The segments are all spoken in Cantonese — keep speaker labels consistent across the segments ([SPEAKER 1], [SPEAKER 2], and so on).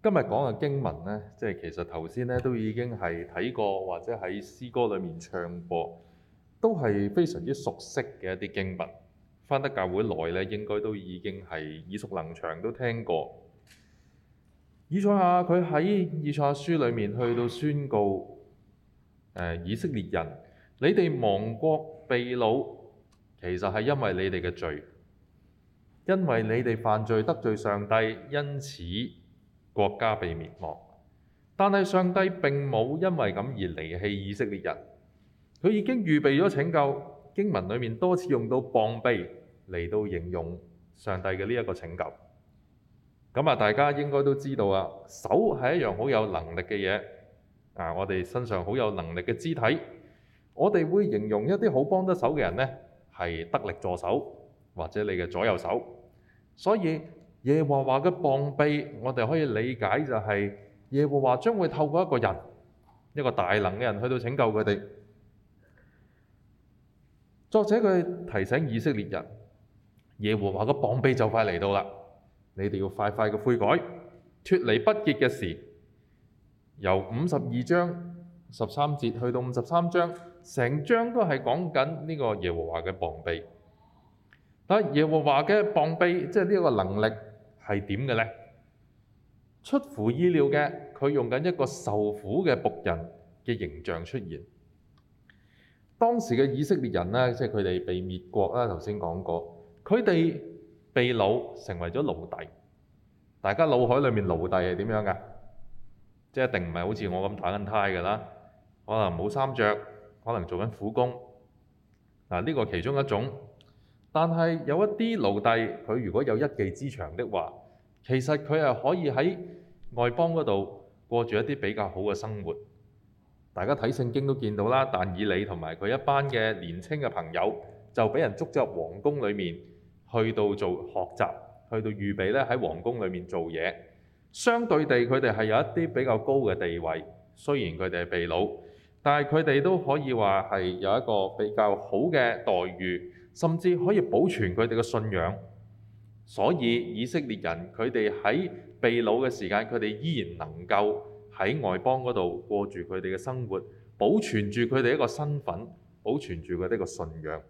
[SPEAKER 1] 今日講嘅經文呢，即係其實頭先呢都已經係睇過，或者喺詩歌裏面唱過，都係非常之熟悉嘅一啲經文。返得教會耐呢，應該都已經係耳熟能詳，都聽過。以賽亞佢喺以賽亞書裏面去到宣告，呃，以色列人，你哋亡國被擄，其實係因為你哋嘅罪，因為你哋犯罪得罪上帝，因此，國家被滅亡，但係上帝並冇因為咁而離棄以色列人，佢已經預備咗拯救。經文裏面多次用到膀臂嚟到形容上帝嘅呢一個拯救。咁啊，大家應該都知道啊，手係一樣好有能力嘅嘢啊，我哋身上好有能力嘅肢體，我哋會形容一啲好幫得手嘅人呢，係得力助手或者你嘅左右手，所以，耶和華嘅膀臂，我哋可以理解就係耶和華將會透過一個人，一個大能嘅人去到拯救佢哋。作者佢提醒以色列人，耶和華嘅膀臂就快嚟到啦，你哋要快快嘅悔改，脫離不潔嘅事。由五十二章十三節去到五十三章，成章都係講緊呢個耶和華嘅膀臂。但，耶和華嘅膀臂，即係呢個能力。係點嘅咧？出乎意料嘅，佢用緊一個受苦嘅仆人嘅形象出現。當時嘅以色列人呢，即係佢哋被滅國啦，頭先講過，佢哋被擄成為咗奴隸。大家腦海裡面奴隸係點樣㗎？即係一定唔係好似我咁打緊呔㗎啦，可能冇衫着，可能做緊苦工嗱，呢、呢個其中一種。但係有一啲奴隸，佢如果有一技之長的話，其實佢係可以喺外邦嗰度過住一啲比較好嘅生活，大家睇聖經都見到啦。但以理同埋佢一班嘅年青嘅朋友就俾人捉咗入皇宮裏面，去到做學習，去到預備咧喺皇宮裏面做嘢。相對地，佢哋係有一啲比較高嘅地位，雖然佢哋係被擄，但係佢哋都可以話係有一個比較好嘅待遇，甚至可以保存佢哋嘅信仰。所以以色列人佢哋喺被擄嘅時間，佢哋依然能夠喺外邦嗰度過住佢哋嘅生活，保存住佢哋一個身份，保存住佢哋一個信仰。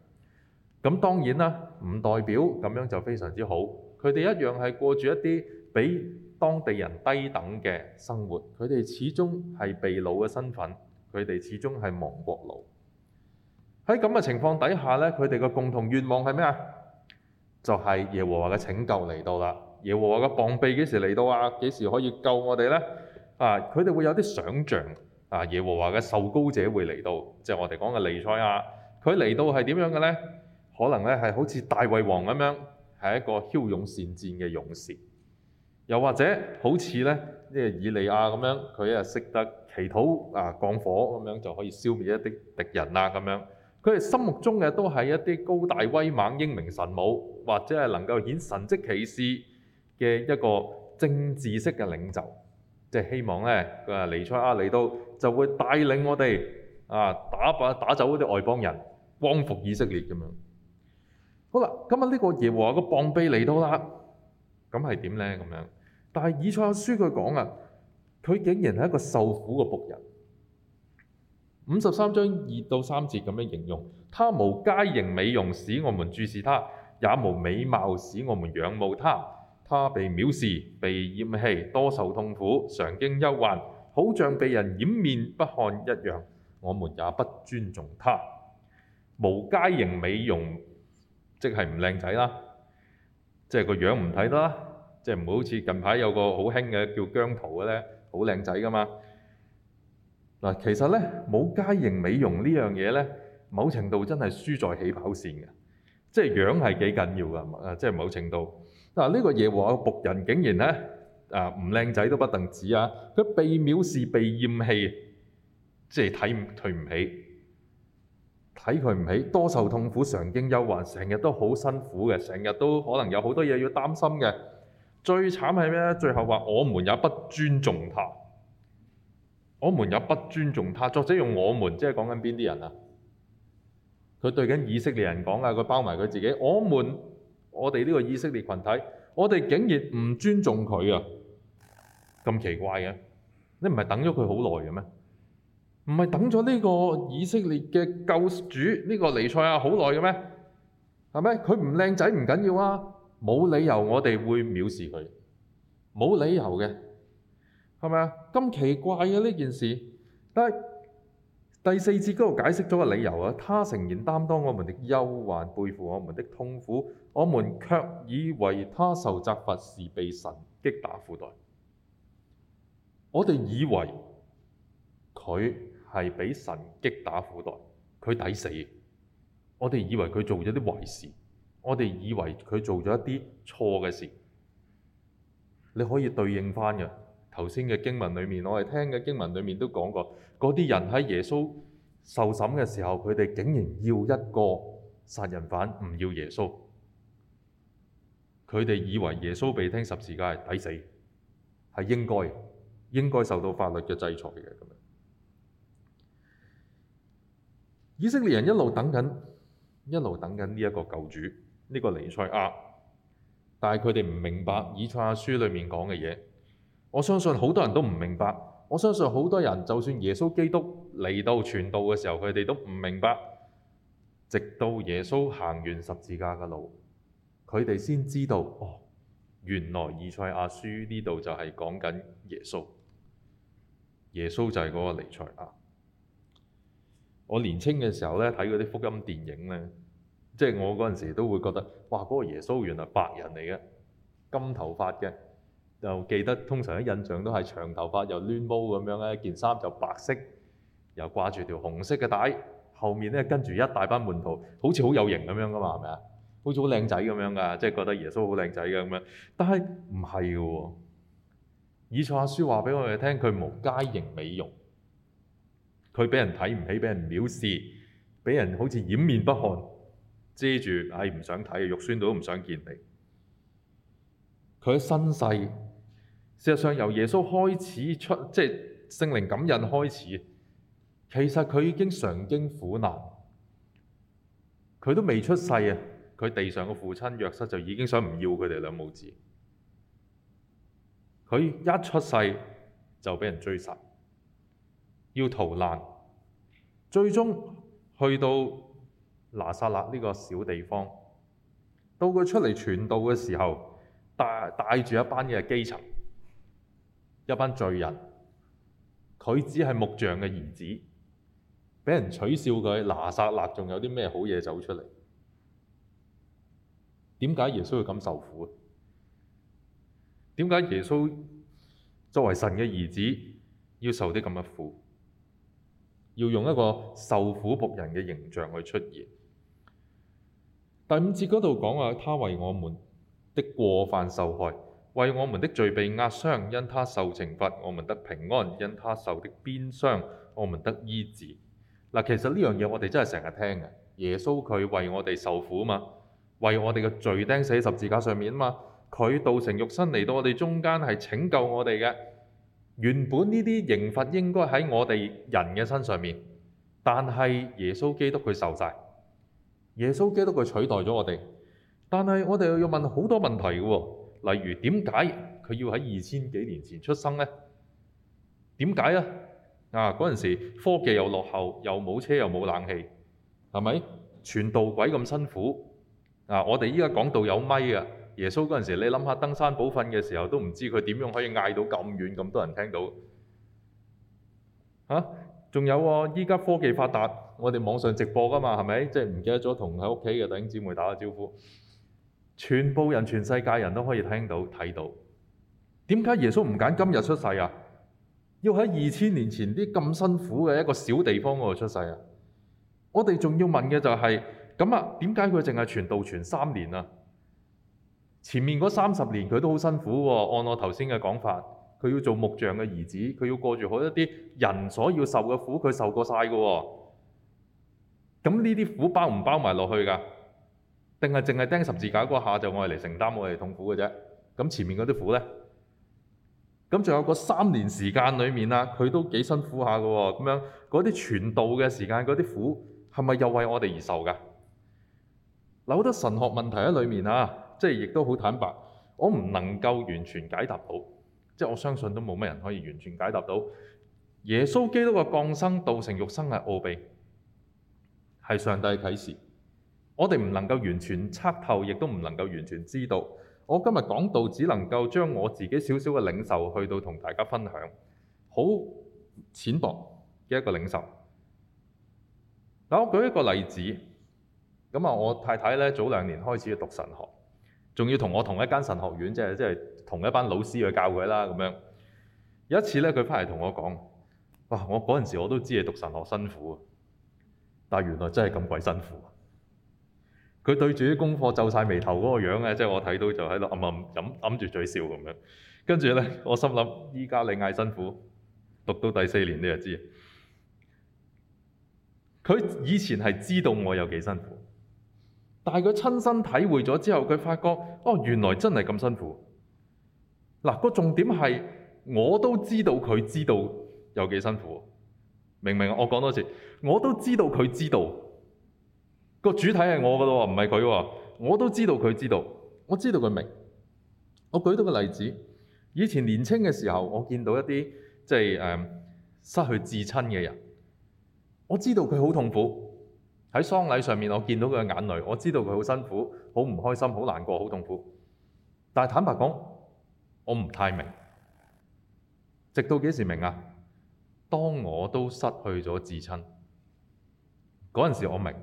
[SPEAKER 1] 咁當然啦，唔代表咁樣就非常之好。佢哋一樣係過住一啲比當地人低等嘅生活。佢哋始終係被擄嘅身份，佢哋始終係亡國奴。喺咁嘅情況底下咧，佢哋嘅共同願望係咩啊？就係耶和華嘅拯救嚟到啦！耶和華嘅膀臂幾時嚟到啊？幾時可以救我哋咧？啊，佢哋會有啲想像啊！耶和華嘅受膏者會嚟到，即係我哋講嘅彌賽亞。佢嚟到係點樣嘅咧？可能咧係好似大衛王咁樣，係一個驍勇善戰嘅勇士。又或者好似咧，呢個以利亞咁樣，佢啊識得祈禱啊降火咁樣就可以消滅一啲敵人啊咁樣。佢哋心目中嘅都係一啲高大威猛、英明神武，或者係能夠顯神蹟奇事嘅一個政治式嘅領袖，即係希望咧彌賽亞嚟到就會帶領我哋、啊、打敗打走啲外邦人，光復以色列咁樣。好啦，咁啊呢個耶和華個膀臂嚟到啦，咁係點咧？咁樣，但係以賽亞書佢講啊，佢竟然係一個受苦嘅僕人。五十三章二到三節咁樣形容，他無佳形美容，使我們注視他；也無美貌，使我們仰慕他。他被藐視，被厭棄，多受痛苦，常經憂患，好像被人掩面不看一樣。我們也不尊重他。無佳形美容，即係唔靚仔啦，即係個樣唔睇得啦，即係唔會好似近排有個好興嘅叫姜濤嘅咧，好靚仔㗎嘛。嗱，其實咧，冇佳形美容呢樣嘢呢，某程度真係輸在起跑線嘅，即係樣係幾緊要㗎，啊，即係某程度。嗱，呢個耶和華僕人竟然呢，啊，唔靚仔都不止啊，佢被藐視、被厭棄，即係睇唔起，睇佢唔起，多受痛苦、常經憂患，成日都好辛苦嘅，成日都可能有好多嘢要擔心嘅。最慘係咩咧？最後話我們也不尊重他。我們也不尊重他，作者用我們，即係講緊邊啲人啊？佢對緊以色列人講啊，佢包埋佢自己。我們，我哋呢個以色列群體，我哋竟然唔尊重佢啊？咁奇怪嘅，啊，你唔係等咗佢好耐嘅咩？唔係等咗呢個以色列嘅救主呢，這個彌賽亞好耐嘅咩？係咪？佢唔靚仔唔緊要啊，冇、啊、理由我哋會藐視佢，冇理由嘅。係咪啊？咁奇怪嘅呢件事，但係第四節嗰度解釋咗個理由啊。他誠然擔當我們的憂患，背負我們的痛苦，我們卻以為他受責罰時被是被神擊打苦待。我哋以為佢係被神擊打苦待，佢抵死。我哋以為佢做咗啲壞事，我哋以為佢做咗一啲錯嘅事。你可以對應翻嘅。頭先嘅經文裏面，我哋聽嘅經文裏面都講過，嗰啲人喺耶穌受審嘅時候，佢哋竟然要一個殺人犯，唔要耶穌。佢哋以為耶穌被聽十字架係抵死，係應該，應該受到法律嘅制裁嘅咁樣。以色列人一路等緊，一路等緊呢一個救主，呢個尼賽亞，但係佢哋唔明白以賽亞書裡面講嘅嘢。我相信好多人都唔明白，我相信好多人就算耶穌基督嚟到傳道嘅時候，佢哋都唔明白，直到耶穌行完十字架嘅路，佢哋先知道哦，原來以賽亞書呢度就係講緊耶穌，耶穌就係嗰個彌賽亞。我年青嘅時候咧睇嗰啲福音電影咧，即係我嗰陣時都會覺得，哇，嗰個耶穌原來白人嚟嘅，金頭髮嘅。就記得通常嘅印象都係長頭髮又攣毛咁樣咧，件衫就白色，又掛住條紅色嘅帶，後面咧跟住一大班門徒，好似好有型咁樣噶嘛，係咪啊？好似好靚仔咁樣噶，即係覺得耶穌好靚仔嘅咁樣。但係唔係嘅喎，以賽亞書話畀我哋聽，佢無佳形美容，佢俾人睇唔起，俾人藐視，俾人好似掩面不看，遮住，唉、哎，唔想睇，肉酸到都唔想見你。佢嘅身世。事實上，由耶穌開始出，即係聖靈感應開始，其實佢已經常經苦難。佢都未出世啊！佢地上嘅父親約瑟就已經想唔要佢哋兩母子。佢一出世就俾人追殺，要逃難，最終去到拿撒勒呢個小地方。到佢出嚟傳道嘅時候，帶帶住一班嘅基層。一班罪人，佢只係木匠嘅兒子，畀人取笑佢。拿撒勒仲有啲咩好嘢走出嚟？點解耶穌會咁受苦？點解耶穌作為神嘅兒子要受啲咁嘅苦？要用一個受苦僕人嘅形象去出現？第五節嗰度講話，他為我們的過犯受害。為我們的罪被壓傷，因他受懲罰，我們得平安；因他受的鞭傷，我們得醫治。嗱，其實呢樣嘢我哋真係成日聽嘅。耶穌佢為我哋受苦嘛，為我哋嘅罪釘死十字架上面嘛。佢道成肉身嚟到我哋中間係拯救我哋嘅。原本呢啲刑罰應該喺我哋人嘅身上面，但係耶穌基督佢受晒。耶穌基督佢取代咗我哋。但係我哋又要問好多問題嘅喎。例如點解佢要喺二千幾年前出生呢？點解啊？啊嗰陣時科技又落後，又冇車，又冇冷氣，係咪？傳道鬼咁辛苦啊！我哋依家講道有咪啊！耶穌嗰陣時，你諗下登山寶訓嘅時候都唔知佢點樣可以嗌到咁遠，咁多人聽到吓。仲有啊，依家科技發達，我哋網上直播㗎嘛？係咪？即係唔記得咗同喺屋企嘅弟兄姊妹打個招呼。全部人、全世界人都可以聽到、睇到。點解耶穌唔揀今日出世啊？要喺二千年前啲咁辛苦嘅一個小地方嗰度出世啊？我哋仲要問嘅就係、是：咁啊，點解佢淨係傳道傳三年啊？前面嗰三十年佢都好辛苦喎。按我頭先嘅講法，佢要做木匠嘅兒子，佢要過住好一啲人所要受嘅苦，佢受過晒嘅喎。咁呢啲苦包唔包埋落去㗎？定係淨係釘十字架嗰下就我哋嚟承擔我哋痛苦嘅啫，咁前面嗰啲苦咧，咁仲有個三年時間裏面啊，佢都幾辛苦下嘅喎，咁樣嗰啲傳道嘅時間嗰啲苦係咪又為我哋而受嘅？嗱，好多神學問題喺裏面啊，即係亦都好坦白，我唔能夠完全解答到，即係我相信都冇乜人可以完全解答到耶穌基督嘅降生、道成肉身、係奧秘，係上帝嘅啟示。我哋唔能夠完全測透，亦都唔能夠完全知道。我今日講道，只能夠將我自己少少嘅領受去到同大家分享，好淺薄嘅一個領受。嗱，我舉一個例子。咁啊，我太太咧，早兩年開始讀神學，仲要同我同一間神學院，即係即係同一班老師去教佢啦咁樣。有一次咧，佢翻嚟同我講：哇！我嗰陣時我都知你讀神學辛苦，但係原來真係咁鬼辛苦。佢對住啲功課皺晒眉頭嗰個樣咧，即係我睇到就喺度暗暗揞住嘴笑咁樣。跟住咧，我心諗而家你嗌辛苦，讀到第四年你就知。佢以前係知道我有幾辛苦，但係佢親身體會咗之後，佢發覺哦，原來真係咁辛苦。嗱，個重點係我都知道佢知道有幾辛苦，明唔明啊？我講多次，我都知道佢知道。個主體係我嘅咯，唔係佢喎。我都知道佢知道，我知道佢明。我舉到個例子，以前年輕嘅時候，我見到一啲即係誒、嗯、失去至親嘅人，我知道佢好痛苦。喺喪禮上面，我見到佢嘅眼淚，我知道佢好辛苦，好唔開心，好難過，好痛苦。但係坦白講，我唔太明。直到幾時明啊？當我都失去咗至親嗰陣時，我明。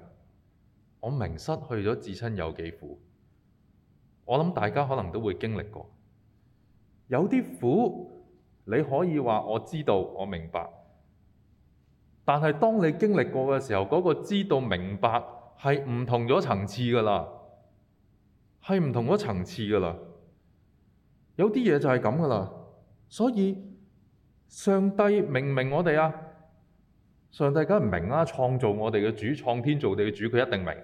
[SPEAKER 1] 我明失去咗至親有幾苦，我諗大家可能都會經歷過。有啲苦你可以話我知道我明白，但係當你經歷過嘅時候，嗰個知道明白係唔同咗層次噶啦，係唔同咗層次噶啦。有啲嘢就係咁噶啦，所以上帝明唔明我哋啊，上帝梗係明啦、啊，創造我哋嘅主，創天造地嘅主，佢一定明。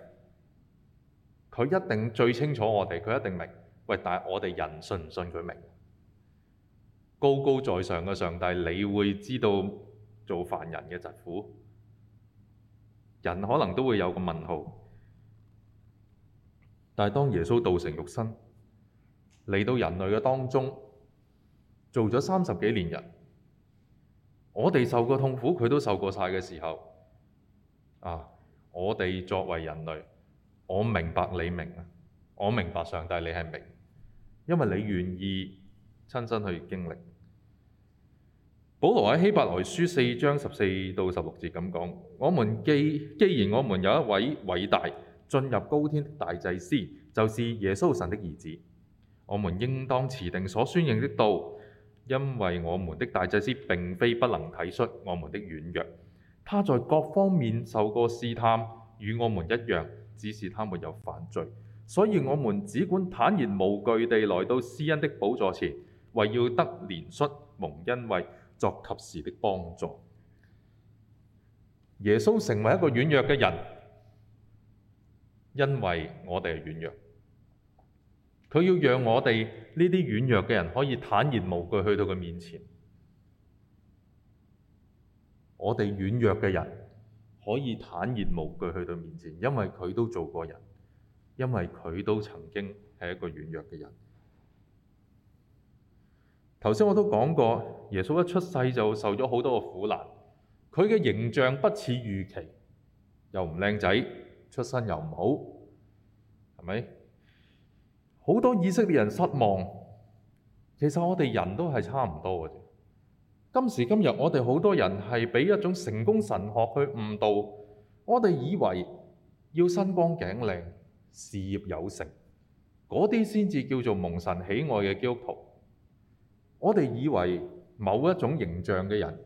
[SPEAKER 1] 佢一定最清楚我哋，佢一定明。喂，但係我哋人信唔信佢明？高高在上嘅上帝，你會知道做凡人嘅疾苦。人可能都會有個問號。但係當耶穌道成肉身嚟到人類嘅當中，做咗三十幾年人，我哋受過痛苦，佢都受過晒嘅時候，啊！我哋作為人類。我明白你明白，我明白上帝你係明，因為你願意親身去經歷。保羅喺希伯來書四章十四到十六節咁講：我們既既然我們有一位偉大進入高天的大祭司，就是耶穌神的兒子，我們應當持定所宣認的道，因為我們的大祭司並非不能體恤我們的軟弱，他在各方面受過試探，與我們一樣。只是他沒有犯罪，所以我們只管坦然無懼地來到施恩的寶座前，為要得憐恤、蒙恩惠、作及時的幫助。耶穌成為一個軟弱嘅人，因為我哋係軟弱，佢要讓我哋呢啲軟弱嘅人可以坦然無懼去到佢面前。我哋軟弱嘅人。可以坦然無懼去到面前，因為佢都做過人，因為佢都曾經係一個軟弱嘅人。頭先我都講過，耶穌一出世就受咗好多個苦難，佢嘅形象不似預期，又唔靚仔，出身又唔好，係咪？好多以色列人失望。其實我哋人都係差唔多嘅啫。今時今日，我哋好多人係俾一種成功神學去誤導，我哋以為要身光頸靚、事業有成，嗰啲先至叫做蒙神喜愛嘅基督徒。我哋以為某一種形象嘅人，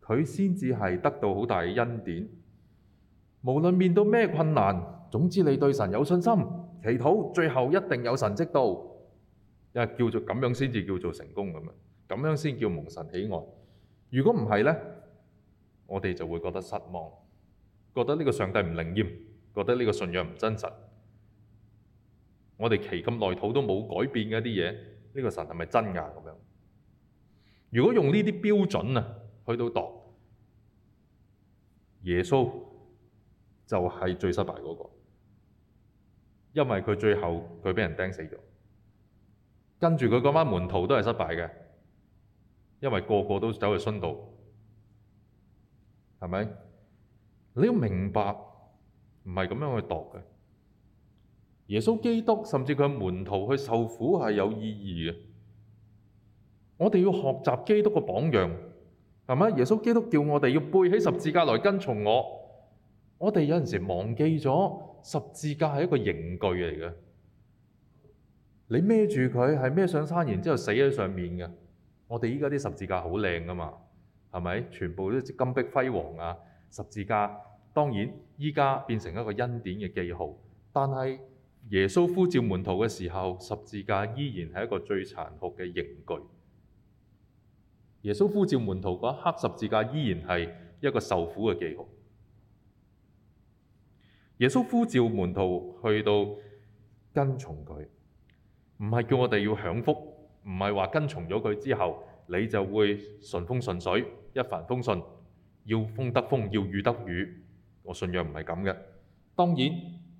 [SPEAKER 1] 佢先至係得到好大嘅恩典。無論面對咩困難，總之你對神有信心，祈禱最後一定有神跡到，又叫做咁樣先至叫做成功咁啊，咁樣先叫蒙神喜愛。如果唔係咧，我哋就會覺得失望，覺得呢個上帝唔靈驗，覺得呢個信仰唔真實。我哋祈咁耐，土都冇改變嘅一啲嘢，呢、呢個神係咪真噶咁樣？如果用呢啲標準啊，去到度耶穌就係最失敗嗰個，因為佢最後佢畀人釘死咗，跟住佢嗰班門徒都係失敗嘅。因為個個都走去殉道，係咪？你要明白，唔係咁樣去度嘅。耶穌基督甚至佢門徒去受苦係有意義嘅。我哋要學習基督嘅榜樣，係咪？耶穌基督叫我哋要背起十字架來跟從我。我哋有陣時忘記咗十字架係一個刑具嚟嘅。你孭住佢係孭上山，然之後死喺上面嘅。我哋而家啲十字架好靚㗎嘛，係咪？全部都金碧輝煌啊！十字架當然而家變成一個恩典嘅記號，但係耶穌呼召門徒嘅時候，十字架依然係一個最殘酷嘅刑具。耶穌呼召門徒嗰一刻，十字架依然係一個受苦嘅記號。耶穌呼召門徒去到跟從佢，唔係叫我哋要享福。唔係話跟從咗佢之後，你就會順風順水，一帆風順，要風得風，要雨得雨。我信仰唔係咁嘅。當然，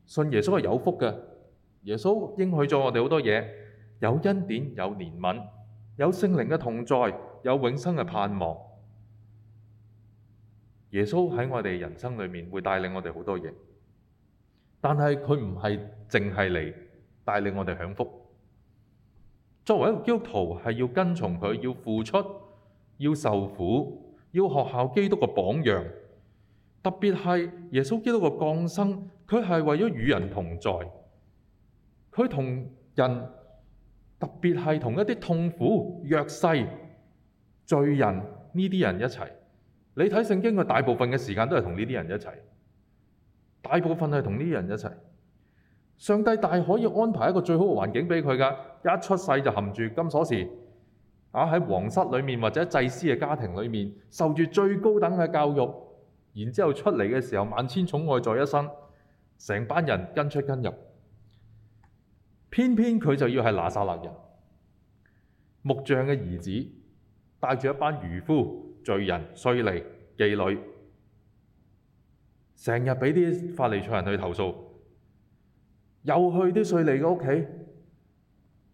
[SPEAKER 1] 信耶穌係有福嘅。耶穌應許咗我哋好多嘢，有恩典，有憐憫，有聖靈嘅同在，有永生嘅盼望。耶穌喺我哋人生裏面會帶領我哋好多嘢，但係佢唔係淨係嚟帶領我哋享福。作為一個基督徒，係要跟從佢，要付出，要受苦，要學效基督嘅榜樣。特別係耶穌基督嘅降生，佢係為咗與人同在。佢同人，特別係同一啲痛苦、弱勢、罪人呢啲人一齊。你睇聖經，佢大部分嘅時間都係同呢啲人一齊，大部分係同呢啲人一齊。上帝大可以安排一個最好嘅環境俾佢㗎。一出世就含住金鎖匙，啊，喺皇室裏面或者祭司嘅家庭裏面受住最高等嘅教育，然之後出嚟嘅時候萬千寵愛在一身，成班人跟出跟入，偏偏佢就要係拿撒勒人木匠嘅兒子，帶住一班漁夫、罪人、稅吏、妓女，成日俾啲法利賽人去投訴，又去啲稅吏嘅屋企。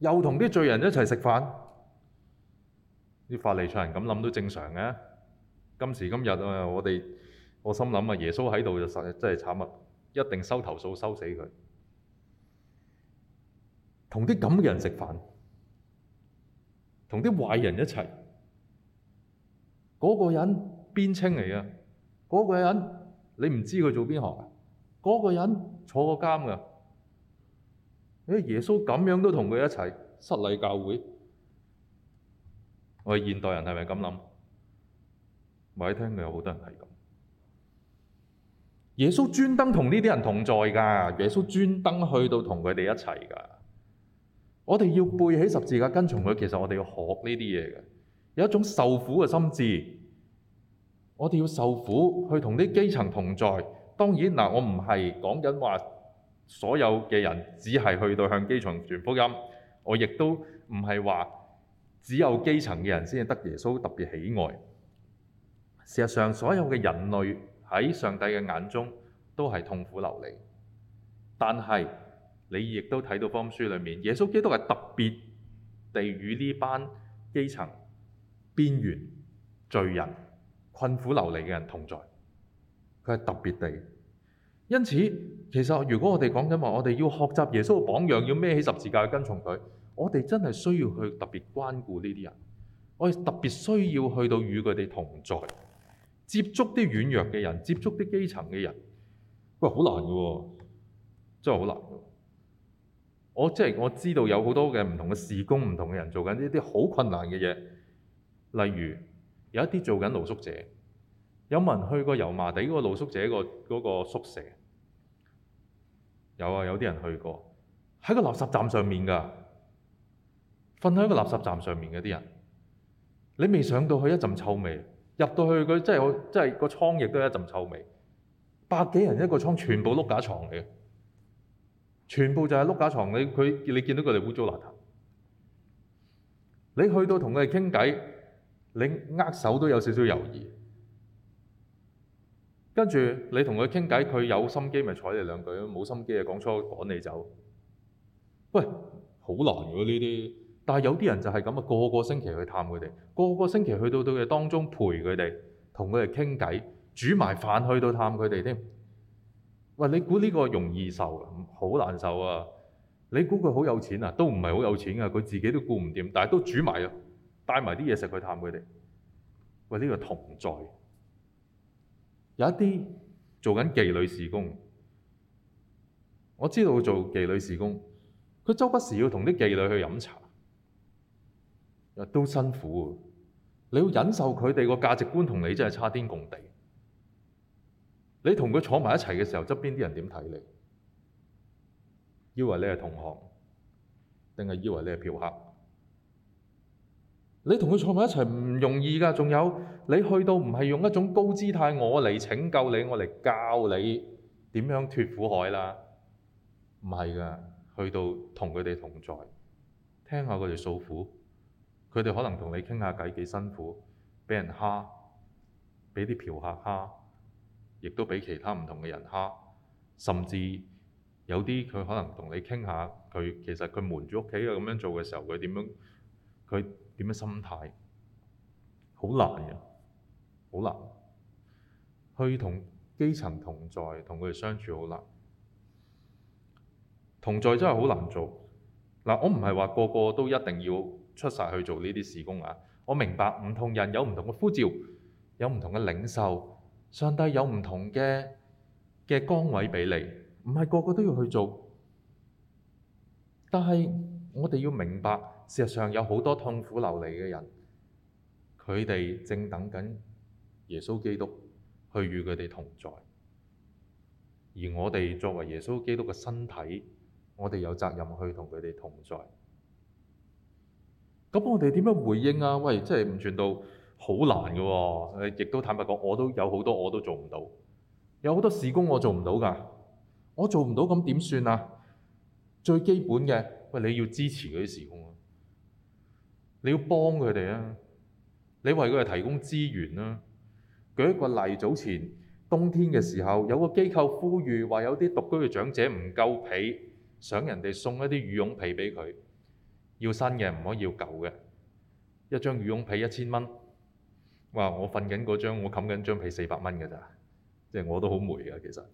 [SPEAKER 1] 又同啲罪人一齊食飯，啲法利賽人咁諗都正常嘅。今時今日啊，我哋我心諗啊，耶穌喺度就實真係慘啦，一定收投訴，收死佢。同啲咁嘅人食飯，同啲壞人一齊，嗰個人邊稱嚟嘅？嗰個人你唔知佢做邊行啊？嗰個人坐過監㗎。哎，耶穌咁樣都同佢一齊，失禮教會。我哋現代人係咪咁諗？我喺聽過有好多人係咁。耶穌專登同呢啲人同在㗎，耶穌專登去到同佢哋一齊㗎。我哋要背起十字架跟從佢，其實我哋要學呢啲嘢嘅，有一種受苦嘅心志。我哋要受苦，去同啲基層同在。當然嗱，我唔係講緊話。所有嘅人只係去到向基層傳福音，我亦都唔係話只有基層嘅人先至得耶穌特別喜愛。事實上，所有嘅人類喺上帝嘅眼中都係痛苦流離。但係你亦都睇到福音書裡面，耶穌基督係特別地與呢班基層、邊緣、罪人、困苦流離嘅人同在。佢係特別地。因此，其實如果我哋講緊話，我哋要學習耶穌嘅榜樣，要孭起十字架去跟從佢，我哋真係需要去特別關顧呢啲人，我哋特別需要去到與佢哋同在，接觸啲軟弱嘅人，接觸啲基層嘅人。喂，好難嘅喎，真係好難嘅。我即係我知道有好多嘅唔同嘅事工，唔同嘅人做緊呢啲好困難嘅嘢。例如有一啲做緊露宿者，有冇人去過油麻地嗰個露宿者個嗰個宿舍？有啊，有啲人去過，喺個垃圾站上面㗎，瞓喺個垃圾站上面嘅啲人，你未上到去一陣臭味，入到去佢真係我即係個倉亦都一陣臭味，百幾人一個倉全部碌架床嚟嘅，全部就係碌架床你佢你見到佢哋污糟邋遢，你去到同佢哋傾偈，你握手都有少少猶豫。跟住你同佢傾偈，佢有心機咪睬你兩句，冇心機就講粗趕你走。喂，好難㗎呢啲，些但係有啲人就係咁啊，個個星期去探佢哋，個個星期去到到嘅當中陪佢哋，同佢哋傾偈，煮埋飯去到探佢哋添。喂，你估呢個容易受啊？好難受啊！你估佢好有錢啊？都唔係好有錢㗎，啊，佢自己都顧唔掂，但係都煮埋咯，帶埋啲嘢食去探佢哋。喂，呢、呢個同在。有一啲做緊妓女事工，我知道佢做妓女事工，佢周不時要同啲妓女去飲茶，都辛苦。你要忍受佢哋個價值觀同你真係差天共地。你同佢坐埋一齊嘅時候，側邊啲人點睇你？以為你係同行，定係以為你係嫖客？你同佢坐埋一齊唔容易㗎，仲有你去到唔係用一種高姿態，我嚟拯救你，我嚟教你點樣脫苦海啦，唔係㗎，去到同佢哋同在，聽下佢哋訴苦，佢哋可能同你傾下偈幾辛苦，俾人蝦，俾啲嫖客蝦，亦都俾其他唔同嘅人蝦，甚至有啲佢可能同你傾下，佢其實佢瞞住屋企佢咁樣做嘅時候，佢點樣佢？點樣心態？好難嘅、啊，好難、啊、去同基層同在，同佢哋相處好難。同在真係好難做。嗱，我唔係話個個都一定要出晒去做呢啲事工啊。我明白唔同人有唔同嘅呼召，有唔同嘅領袖，上帝有唔同嘅嘅崗位俾你，唔係個個都要去做。但係我哋要明白。事實上有好多痛苦流離嘅人，佢哋正等緊耶穌基督去與佢哋同在，而我哋作為耶穌基督嘅身體，我哋有責任去同佢哋同在。咁我哋點樣回應啊？喂，真係唔傳到好難嘅喎、啊。亦都坦白講，我都有好多我都做唔到，有好多事工我做唔到㗎。我做唔到咁點算啊？最基本嘅喂，你要支持佢啲事工啊。你要幫佢哋啊！你為佢哋提供資源啦。舉一個例，早前冬天嘅時候，有個機構呼籲話有啲獨居嘅長者唔夠被，想人哋送一啲羽絨被畀佢，要新嘅唔可以要舊嘅。一張羽絨被一千蚊，哇！我瞓緊嗰張，我冚緊張被四百蚊㗎咋，即係我都好霉嘅其實。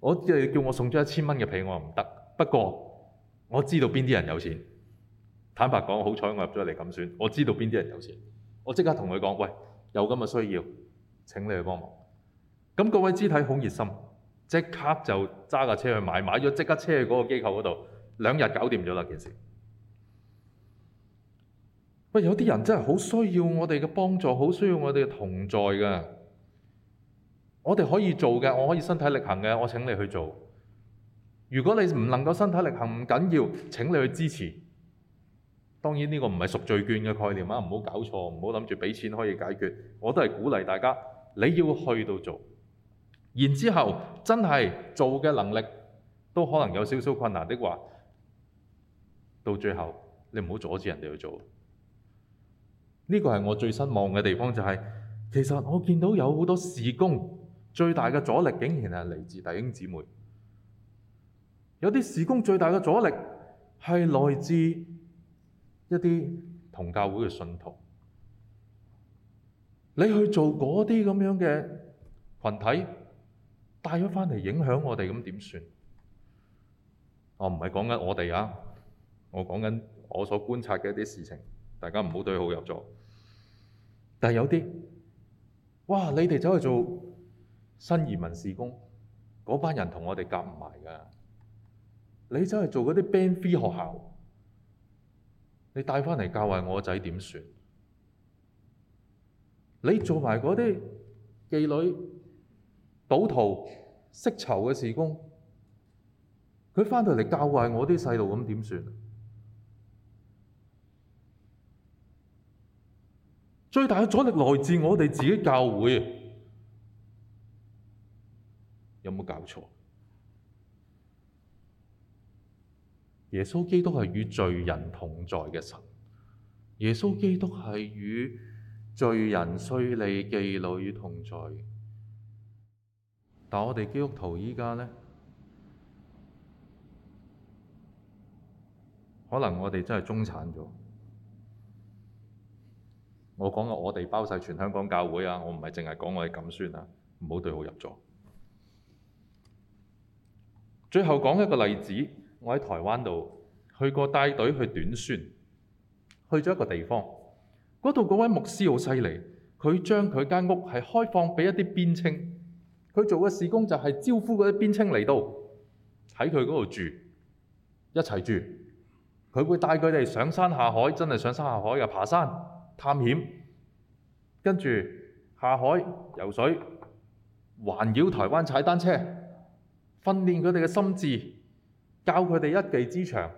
[SPEAKER 1] 我即係叫我送張一千蚊嘅被，我話唔得。不過我知道邊啲人有錢。坦白講，好彩我入咗嚟咁算。我知道邊啲人有錢，我即刻同佢講：喂，有咁嘅需要，請你去幫忙。咁各位肢體好熱心，即刻就揸架車去買，買，買咗即刻車去嗰個機構嗰度，兩日搞掂咗啦件事。喂，有啲人真係好需要我哋嘅幫助，好需要我哋嘅同在嘅。我哋可以做嘅，我可以身體力行嘅，我請你去做。如果你唔能夠身體力行，唔緊要，請你去支持。當然呢個唔係贖罪券嘅概念啊！唔好搞錯，唔好諗住畀錢可以解決。我都係鼓勵大家，你要去到做，然之後真係做嘅能力都可能有少少困難的話，到最後你唔好阻止人哋去做。呢、這個係我最失望嘅地方，就是，就係其實我見到有好多事工最大嘅阻力竟然係嚟自弟兄姊妹，有啲事工最大嘅阻力係來自、嗯。一啲同教會嘅信徒，你去做嗰啲咁樣嘅群體，帶咗翻嚟影響我哋，咁點算？哦、我唔係講緊我哋啊，我講緊我所觀察嘅一啲事情，大家唔好對號入座。但係有啲，哇！你哋走去做新移民事工，嗰班人同我哋夾唔埋噶。你走去做嗰啲 Band Three 學校。你帶返嚟教壞我仔點算？你做埋嗰啲妓女、賭徒、釋囚嘅事工，佢返到嚟教壞我啲細路，咁點算？最大嘅阻力來自我哋自己教會，有冇搞錯？耶穌基督係與罪人同在嘅神，耶穌基督係與罪人、稅吏、妓女同在。但我哋基督徒而家呢，可能我哋真係中產咗。我講嘅我哋包晒全香港教會啊，我唔係淨係講我哋咁算啊，唔好對號入座。最後講一個例子。我喺台灣度去過帶隊去短宣，去咗一個地方，嗰度嗰位牧師好犀利，佢將佢間屋係開放俾一啲邊青，佢做嘅事工就係招呼嗰啲邊青嚟到喺佢嗰度住一齊住，佢會帶佢哋上山下海，真係上山下海嘅，爬山探險，跟住下海游水，環繞台灣踩單車，訓練佢哋嘅心智。教佢哋一技之長，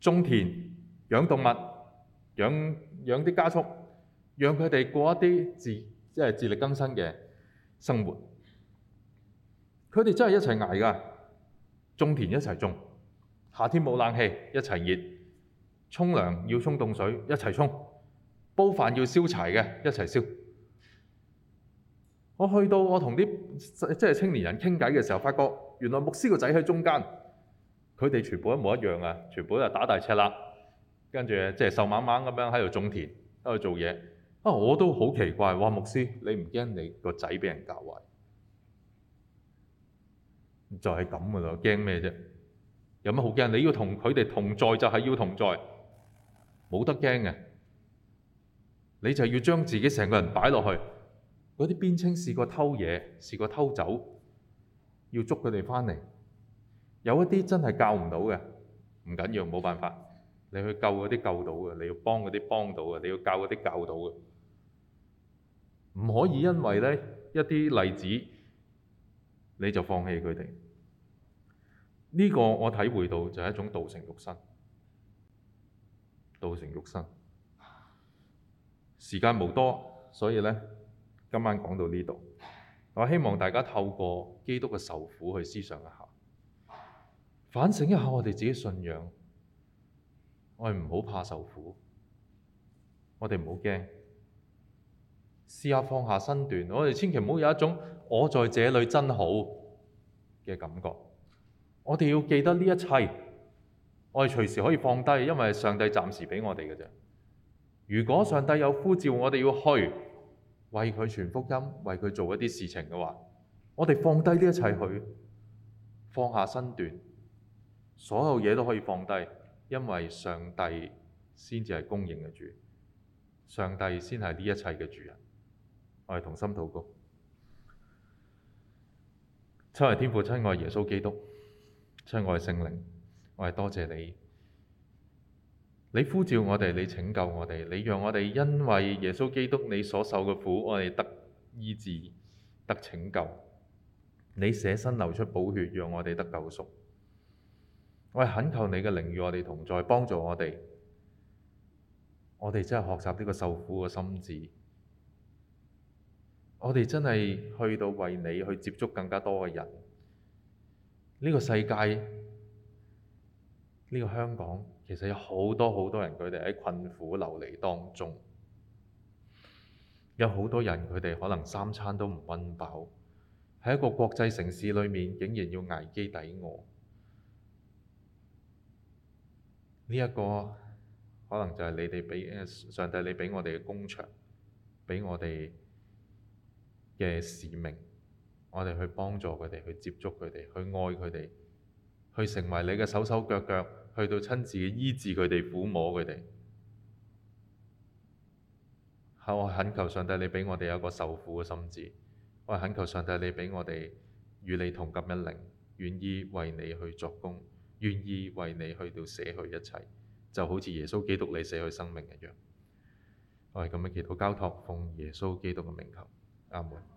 [SPEAKER 1] 種田、養動物、養養啲家畜，讓佢哋過一啲自即係自力更生嘅生活。佢哋真係一齊捱㗎，種田一齊種，夏天冇冷氣一齊熱，沖涼要沖凍水一齊沖，煲飯要燒柴嘅一齊燒。我去到我同啲即係青年人傾偈嘅時候，發覺原來牧師個仔喺中間。佢哋全部一模一樣啊！全部都係打大赤鈪，跟住即係瘦蜢蜢咁樣喺度種田，喺度做嘢。啊，我都好奇怪，話牧師，你唔驚你個仔俾人教壞？就係咁噶啦，驚咩啫？有乜好驚？你要同佢哋同在就係要同在，冇得驚嘅。你就要將自己成個人擺落去。嗰啲邊青試過偷嘢，試過偷走，要捉佢哋翻嚟。有一啲真係教唔到嘅，唔緊要，冇辦法。你去救嗰啲救到嘅，你要幫嗰啲幫到嘅，你要教嗰啲教到嘅，唔可以因為呢一啲例子你就放棄佢哋。呢個我體會到就係一種道成肉身，道成肉身。時間無多，所以呢今晚講到呢度。我希望大家透過基督嘅受苦去思想一下。反省一下，我哋自己信仰。我哋唔好怕受苦，我哋唔好驚，試下放下身段。我哋千祈唔好有一種我在這裏真好嘅感覺。我哋要記得呢一切，我哋隨時可以放低，因為上帝暫時俾我哋嘅啫。如果上帝有呼召我哋要去為佢傳福音、為佢做一啲事情嘅話，我哋放低呢一切去放下身段。所有嘢都可以放低，因為上帝先至係公認嘅主，上帝先係呢一切嘅主人。我哋同心禱告，親愛天父，親愛耶穌基督，親愛聖靈，我哋多謝你。你呼召我哋，你拯救我哋，你讓我哋因為耶穌基督你所受嘅苦，我哋得醫治、得拯救。你捨身流出寶血，讓我哋得救贖。我係懇求你嘅靈與我哋同在，幫助我哋。我哋真係學習呢個受苦嘅心志。我哋真係去到為你去接觸更加多嘅人。呢個世界，呢個香港其實有好多好多人，佢哋喺困苦流離當中，有好多人佢哋可能三餐都唔溫飽，喺一個國際城市裏面，竟然要捱饑抵餓。呢一個可能就係你哋畀上帝，你畀我哋嘅工場，畀我哋嘅使命，我哋去幫助佢哋，去接觸佢哋，去愛佢哋，去成為你嘅手手腳腳，去到親自醫治佢哋、撫摸佢哋。我懇求上帝，你畀我哋有一個受苦嘅心志。我懇求上帝，你畀我哋與你同甘一靈，願意為你去作工。願意為你去到捨去一切，就好似耶穌基督你捨去生命一樣。我係咁樣祈禱交託，奉耶穌基督嘅名求，阿門。